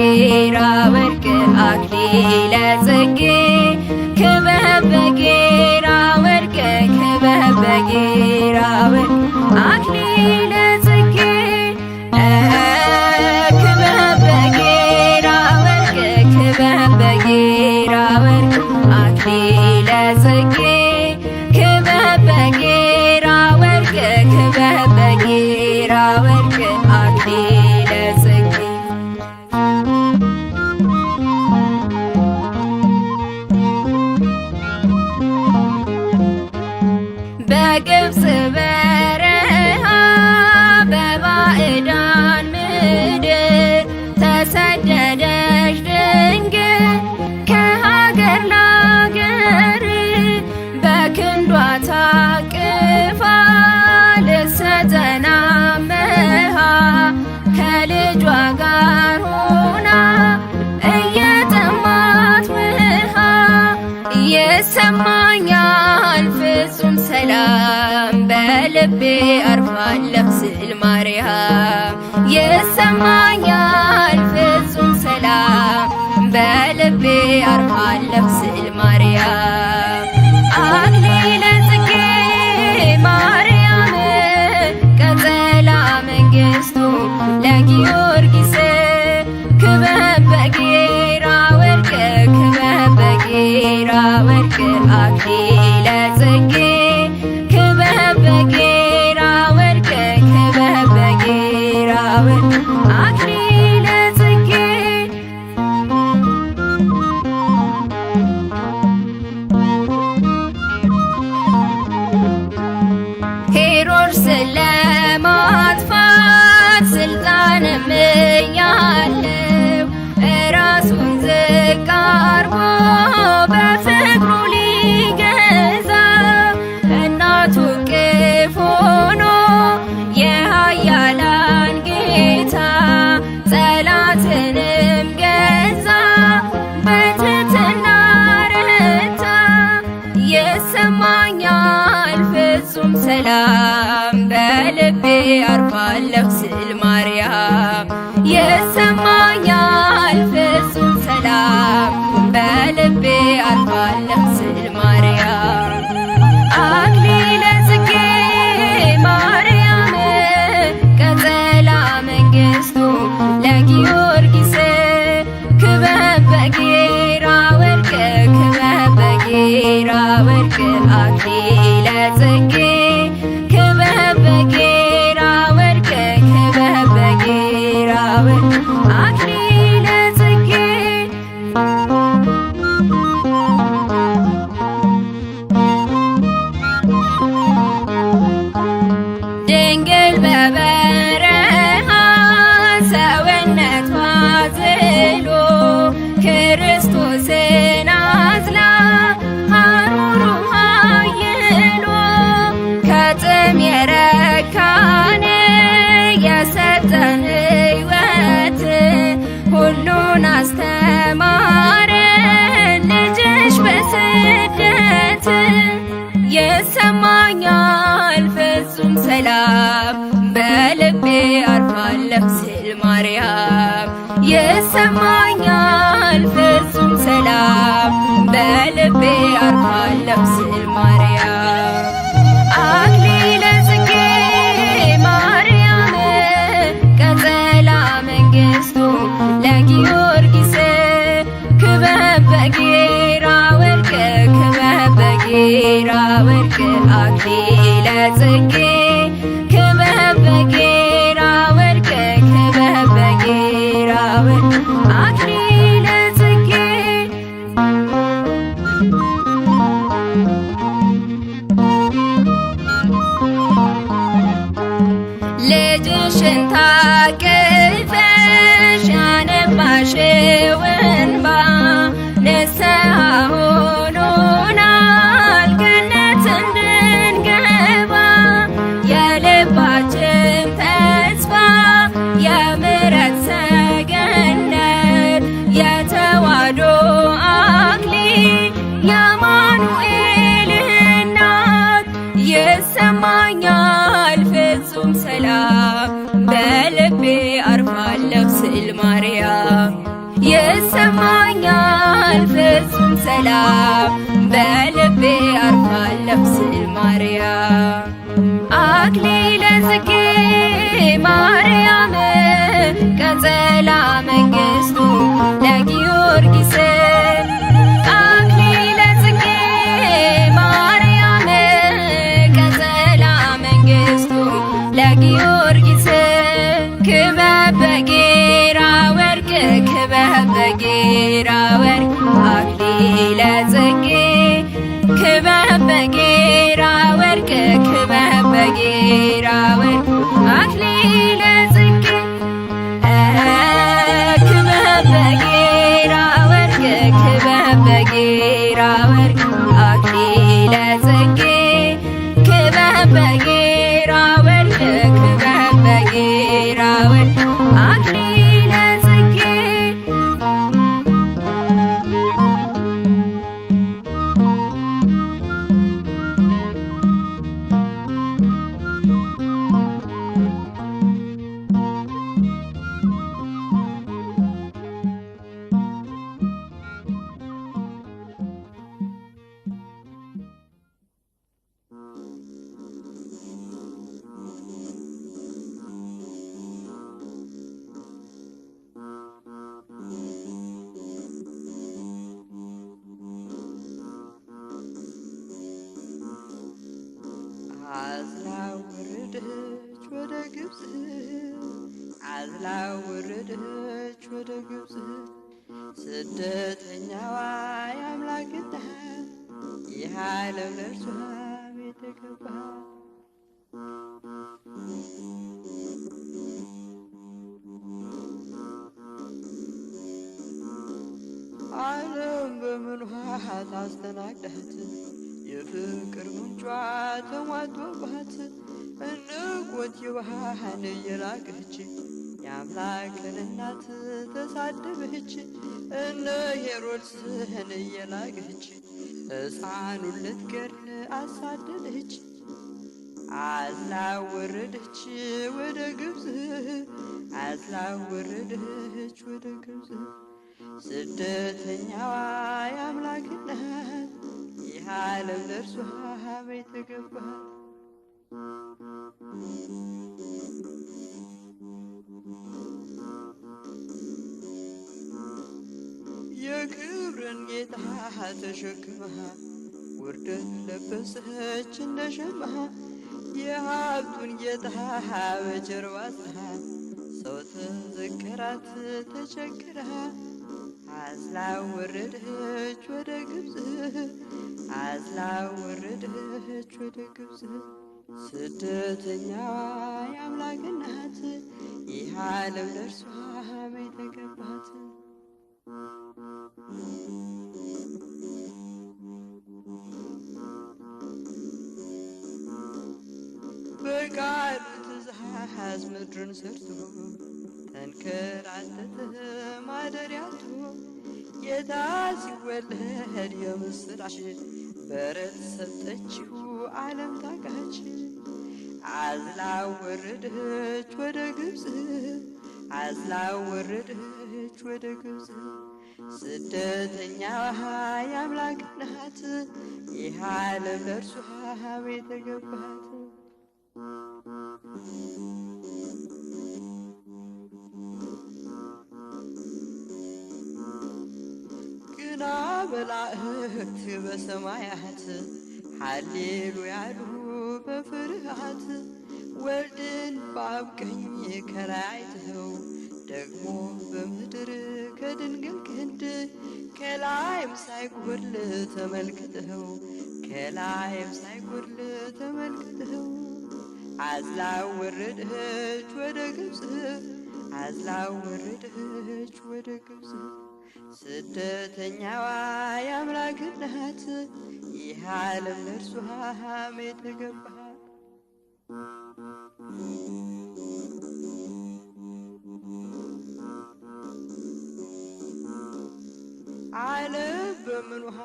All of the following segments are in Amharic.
ዳንኪራ ወርቅ አክሊለ ጽጌ ክበብ በጌራ ወርቅ ክበብ በጌራ ወርቅ አክሊለ ጽጌ ክበብ በጌራ ወርቅ ክበብ በጌራ ወርቅ አክሊለ በግብፅ በረሃ በባዕዳን ምድር ተሰደደች ድንግል ከሀገር ላገር በክንዷ ታቅፋ ልትሰጠናመሃ ከልጇ ጋር ሆና እየጠማት ውሃ ይሰማኛል ሰላም በልቤ አርፋለሁ ስል ማርያም የሰማኛል ፍጹም ሰላም በልቤ አርፋለሁ ስል il ከልቤ አርፋለሁ ስል ማርያም የሰማኛል ፍጹም ሰላም በልቤ አርፋለሁ ስል ማርያም አክሊለ ጽጌ ማርያም ቀጸላ መንግስቱ ለጊዮርጊስ ክበብ በጌራ ወርቅ ክበብ ወርቅ አክሊል ይሰማኛል ፍጹም ሰላም በልቤ አርፋለሁ ስዕል ማርያም። ይሰማኛል ፍጹም ሰላም በልቤ አርፋለሁ ስዕል ማርያም። አክሊለ ጽጌ ማርያም ቀጸላ መንግሥቱ ለጊዮርጊስ at the gate ወረደች ወደ ግብፅ ስደተኛዋ የአምላክ ዳሃን ይህ ዓለም ለእርሷ ቤት ገባ። ዓለም በምልሃ ታስተናግዳት የፍቅር ምንጯ ተሟጦባት እንቆት የባህን እየላቀች የአምላክን እናት ተሳደበች፣ እነ ሄሮድስን እየላገች ሕፃኑን ልትገድል አሳደደች። አዝላ ወረደች ወደ ግብፅ፣ አዝላ ወረደች ወደ ግብፅ። ስደተኛዋ የአምላክ እናት ይህ ዓለም ለእርሷ በይተገባል የክብርን ጌጣ ተሸክመሃ ውርደት ለበሰች እንደ ሸማሃ የሀብቱን ጌጣ በጀርባታ ሰው ተዘከራት ተቸግረሃ አዝላ ወረደች ወደ ግብጽህ አዝላ ወረደች ወደ ግብጽህ ስደተኛዋ የአምላክ እናት ይህ ዓለም ለእርሷ ቤት ገባት። በቃሉ ትእዛዝ ምድርን ሰርቶ ተንከራተተ ማደሪያቱ ጌታ ሲወለድ የምስራች በረት ሰጠችው ዓለም ታቃች አዝላ ወረደች ወደ ግብፅ አዝላ ወረደች ወደ ግብፅ ስደተኛ የአምላክ ናት ይህ ዓለም ለእርሷ ቤተ ገባት። ግና መላእክት በሰማያት ሃሌሉያ በፍርሃት ወልድን በአብ ቀኝ ከራይተኸው ደግሞ በምድር ከድንግል ክንድ ከላይም ሳይጎድል ተመልክተኸው ከላይም ሳይጎድል ተመልክተኸው አዝላ ወረድህች ወደ ግብፅ አዝላ ወረድህች ወደ ግብፅ ስደተኛዋ የአምላክ ናት። ይህ ዓለም ለእርሷ የተገባ አይል በምን ውሃ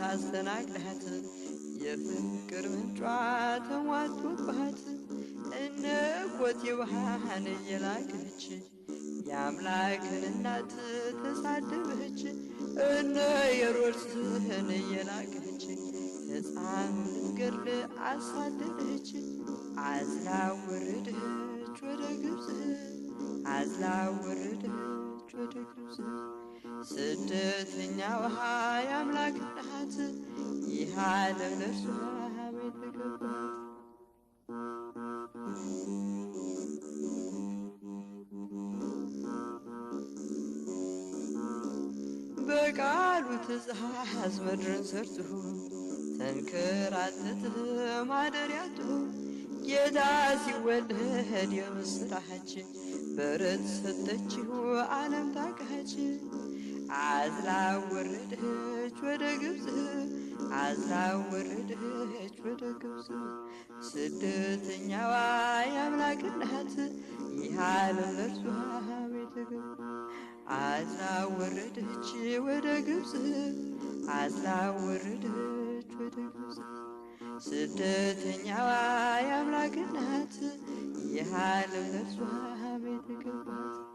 ታስተናግድሃት የፍቅር ምንጯ ተሟጦባት እነኮት የውሃን እየላቀች የአምላክን እናት ተሳደበች እነ የሮርስህን እየላቀች ሕፃኑን ገድል አሳደደች። አዝላ ወደ ግብፅ፣ አዝላ ወረደች ወደ ግብፅ። ስደተኛው ሀይ አምላክ ናት፣ ይህ ዓለም ለእርሷ ቤት ተገባት። በቃሉ ትእዛዝ ምድርን ሰርቶ ተንከራተተ ማደሪያቱ ጌታ ሲወለድ የምስራች በረት ሰጠችው ዓለም ታቃች። አዝላ ወረደች ወደ ግብፅ አዝላ ወረደች ወደ ግብፅ ስደተኛዋ የአምላክ እናት የዓለም ለርሷ ቤተ ግብፅ አዝላ ወረደች ወደ ግብፅ አዝላ ወረደች ወደ ግብፅ ስደተኛዋ የአምላክ እናት የሃለም ለርሷ ቤት ገባት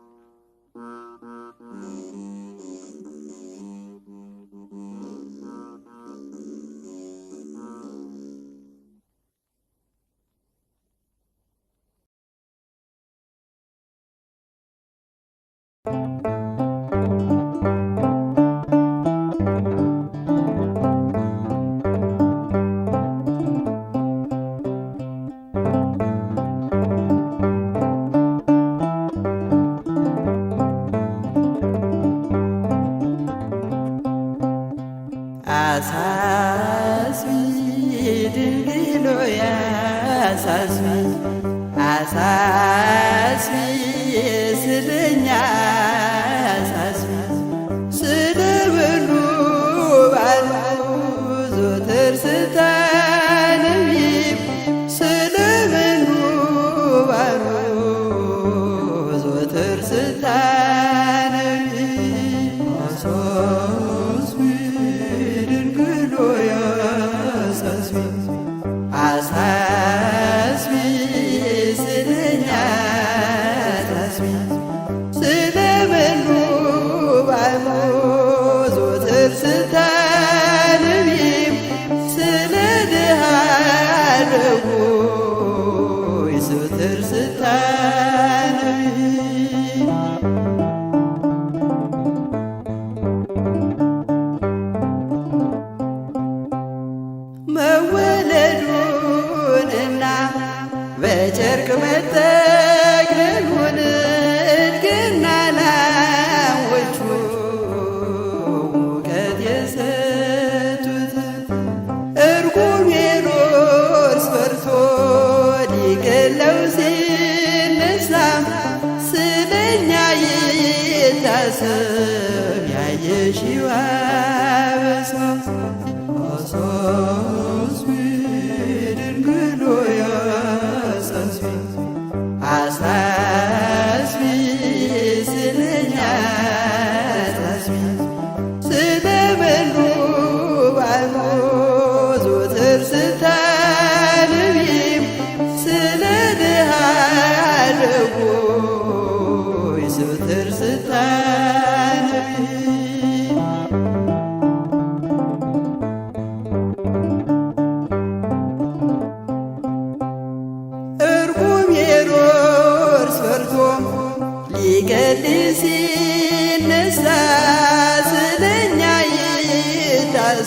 መወለዱንና በጨርቅ መተ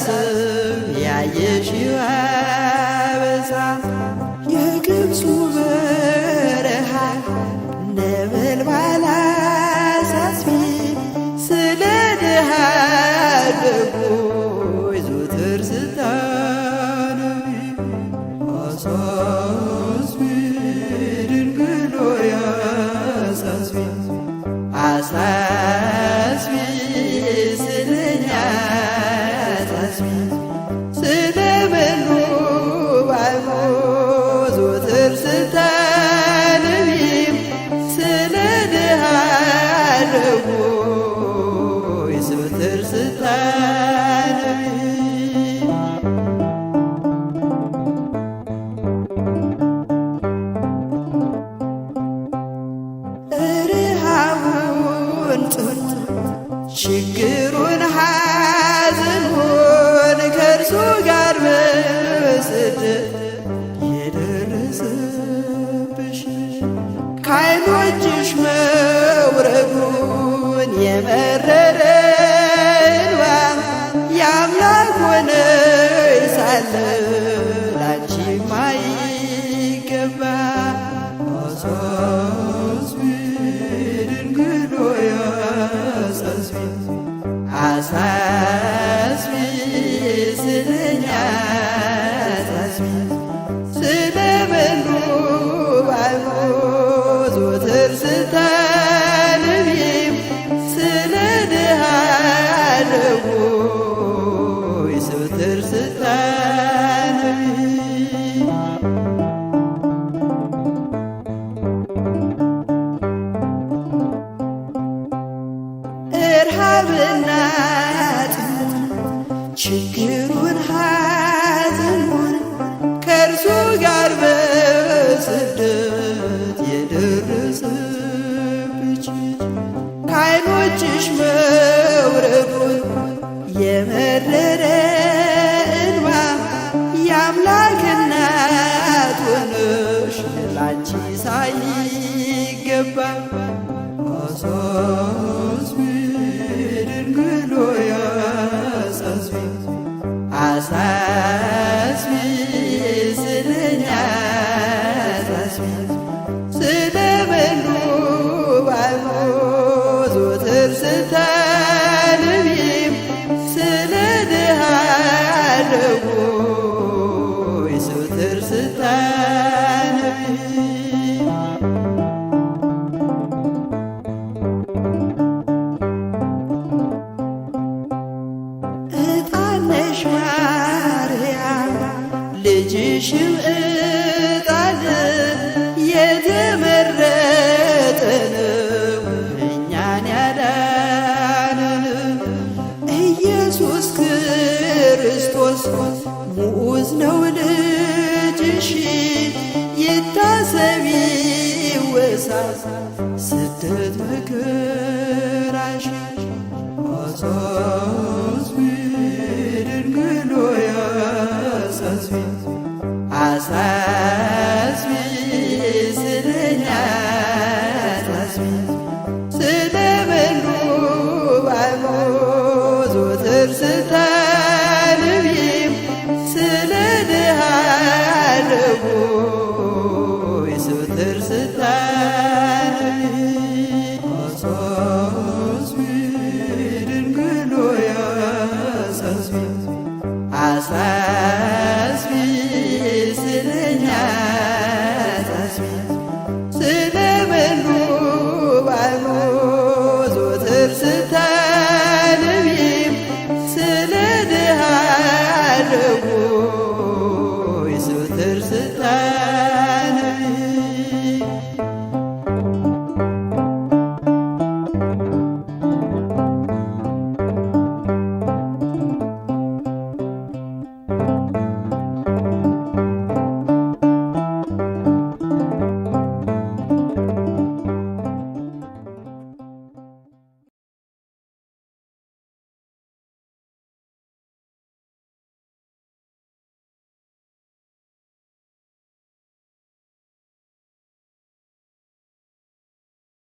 Yeah, yes, you have. Hey.